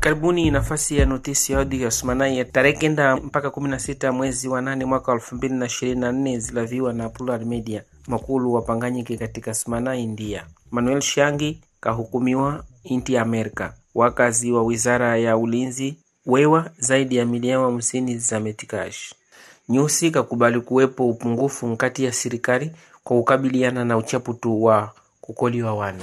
Karibuni nafasi ya notisi ya Odi sumanai ya tarehe kenda mpaka kumi na sita mwezi wa nane mwaka elfu mbili na ishirini na nne zilaviwa na Plural Media makulu wapanganyike katika Smanai ndia Manuel Shangi kahukumiwa inti Amerika. Wakazi wa wizara ya ulinzi wewa zaidi ya milioni hamsini za metikash nyusi kakubali kuwepo upungufu nkati ya serikali kwa kukabiliana na uchaputu wa kukoliwa wane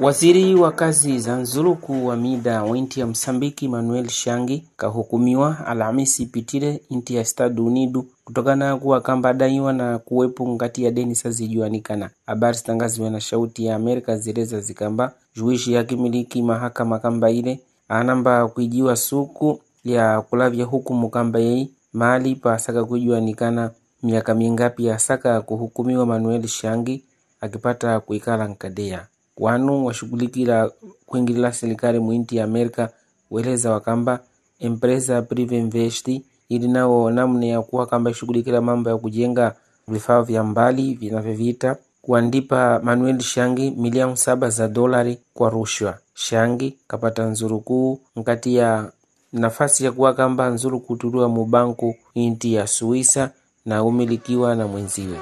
Waziri wa kazi za Nzuluku wa mida wa inti ya Msambiki Manuel Shangi kahukumiwa Alhamisi pitile inti ya Estado unidu kutokana na kuwa kamba adaiwa na kuwepo ngati ya deni sazijuanikana. Habari zitangaziwa na Shauti ya Amerika zileza zikamba juishi kimiliki mahakama kamba ile anamba kuijiwa suku ya kulavya hukumu kamba yei mali pasaka kujuanikana miaka mingapi ya saka kuhukumiwa Manuel Shangi akipata kuikala nkadea wanu washughulikila kuingilila serikali muinti ya America weleza wakamba empresa ya ili ilinawo namna ya kuwa kamba ishughulikira mambo ya kujenga vifaa vya mbali vinavyovita kuandipa Manuel Shangi milioni saba za dolari kwa rushwa. Shangi kapata nzurukuu nkati ya nafasi ya kuwa kamba nzuru kutuliwa mubanku inti ya Suisa na umilikiwa na mwenziwe.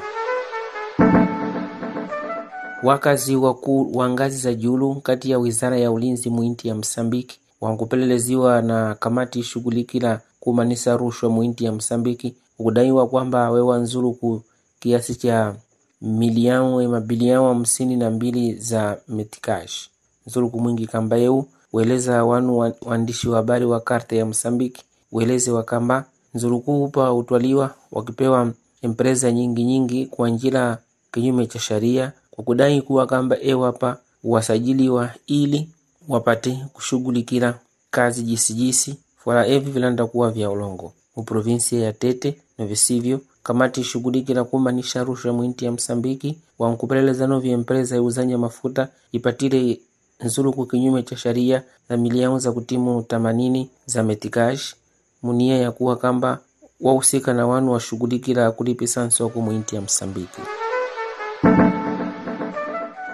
Wakazi wakuu wa ngazi za julu kati ya wizara ya ulinzi muinti ya Msambiki wankupeleleziwa na kamati shughulikila kumanisa rushwa muinti ya Msambiki ukudaiwa kwamba wewa nzuru ku kiasi cha miliawe mabiliawe hamsini na mbili za metikash nzuru kumwingi yeu weleza wanu waandishi wa habari wa karte ya Msambiki weleze wakamba kuu hupa utwaliwa wakipewa empresa nyingi nyingi kwa njila kinyume cha sharia kwa kudai kuwa kwamba EWAPA wasajiliwa ili wapate kushughulikira kazi jisijisi fora evi vilanda kuwa vya ulongo muprovinsia ya Tete na visivyo kamati ishughulikila kumanisha rushwa mwinti ya Msambiki wa nkupelelezano vya empresa iuzanya mafuta ipatile nzuluku kinyume cha sharia za milioni za kutimu tamanini za metikash munia ya kuwa kamba wahusika na wanu washughulikila kulipisa nsoko mwinti ya Msambiki.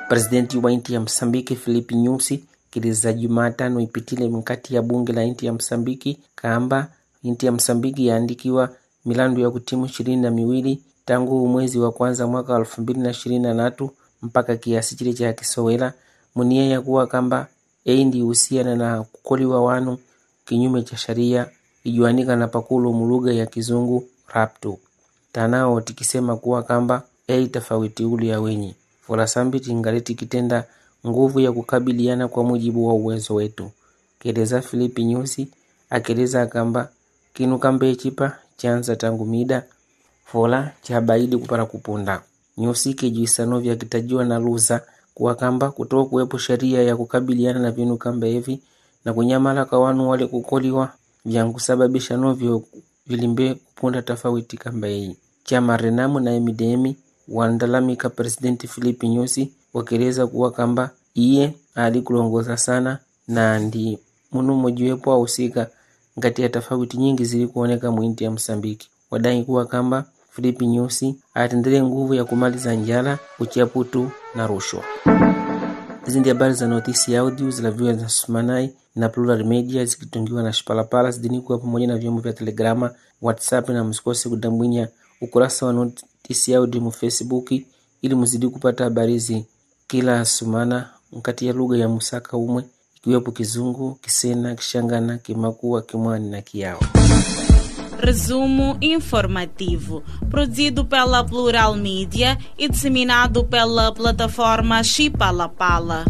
Presidenti wa nchi ya Msambiki Filipe Nyusi kiliza Jumatano ipitile mkati ya bunge la nchi ya Msambiki kaamba nchi ya Msambiki yaandikiwa milandu ya kutimu ishirini na miwili tangu mwezi wa kwanza mwaka wa elfu mbili na ishirini na tatu mpaka kiasi chile cha kisowela munia ya kuwa kamba eindi husiana na kukoliwa wanu kinyume cha sharia ijuanika na pakulu mulugha ya kizungu rapto tanao tikisema kuwa kamba ei tofauti ulu ya wenye Folasambiti tingaliti kitenda nguvu ya kukabiliana kwa mujibu wa uwezo wetu, keleza Filipi Nyusi akeleza akamba kinu kambe chipa chanza tangu mida fola chabaidi kupara kupunda Nyusi kijisano vyakitajiwa na Luza kuwa kamba kutoa kuwepo sheria ya kukabiliana na vinu kamba hivi na kunyamala kwa wanu wale kukoliwa vyankusababisha novyo vilimbe kupunda tofauti kamba hii chama renamu na emidemi Walalamika President Filipi Nyusi wakieleza kuwa kamba iye alikulongoza sana na ndi muno mojiwepo wahusika ngati ya tofauti nyingi zili kuoneka mwinti ya Msambiki wadai kuwa kamba Filipi Nyusi atendele nguvu ya kumaliza njala, uchaputu na rushwa. Zindi habari za notisi ya audio zila zilaviwa na Sumanai na Plural Media zikitungiwa na Shipalapala zidini kuwa pamoja na vyombo vya Telegrama, WhatsApp na msikose kudambwinya ukurasa wa notisi yao ndimo Facebook ili mzidi kupata habari hizi kila sumana nkati ya lugha ya Musaka umwe ikiwepo Kizungu, Kisena, Kishangana, Kimakua, Kimwani na Kiao. Resumo informativo, produzido pela Plural Media e disseminado pela plataforma Chipalapala.